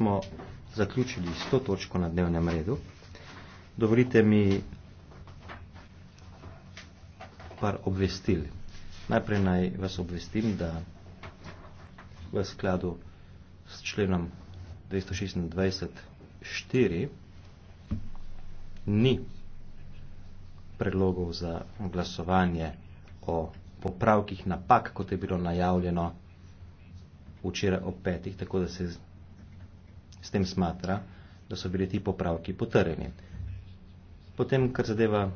smo zaključili s to točko na dnevnem redu. Dovolite mi par obvestil. Najprej naj vas obvestim, da v skladu s členom 226.4 ni predlogov za glasovanje o popravkih napak, kot je bilo najavljeno včeraj ob petih, tako da se s tem smatra, da so bili ti popravki potrjeni. Potem, kar zadeva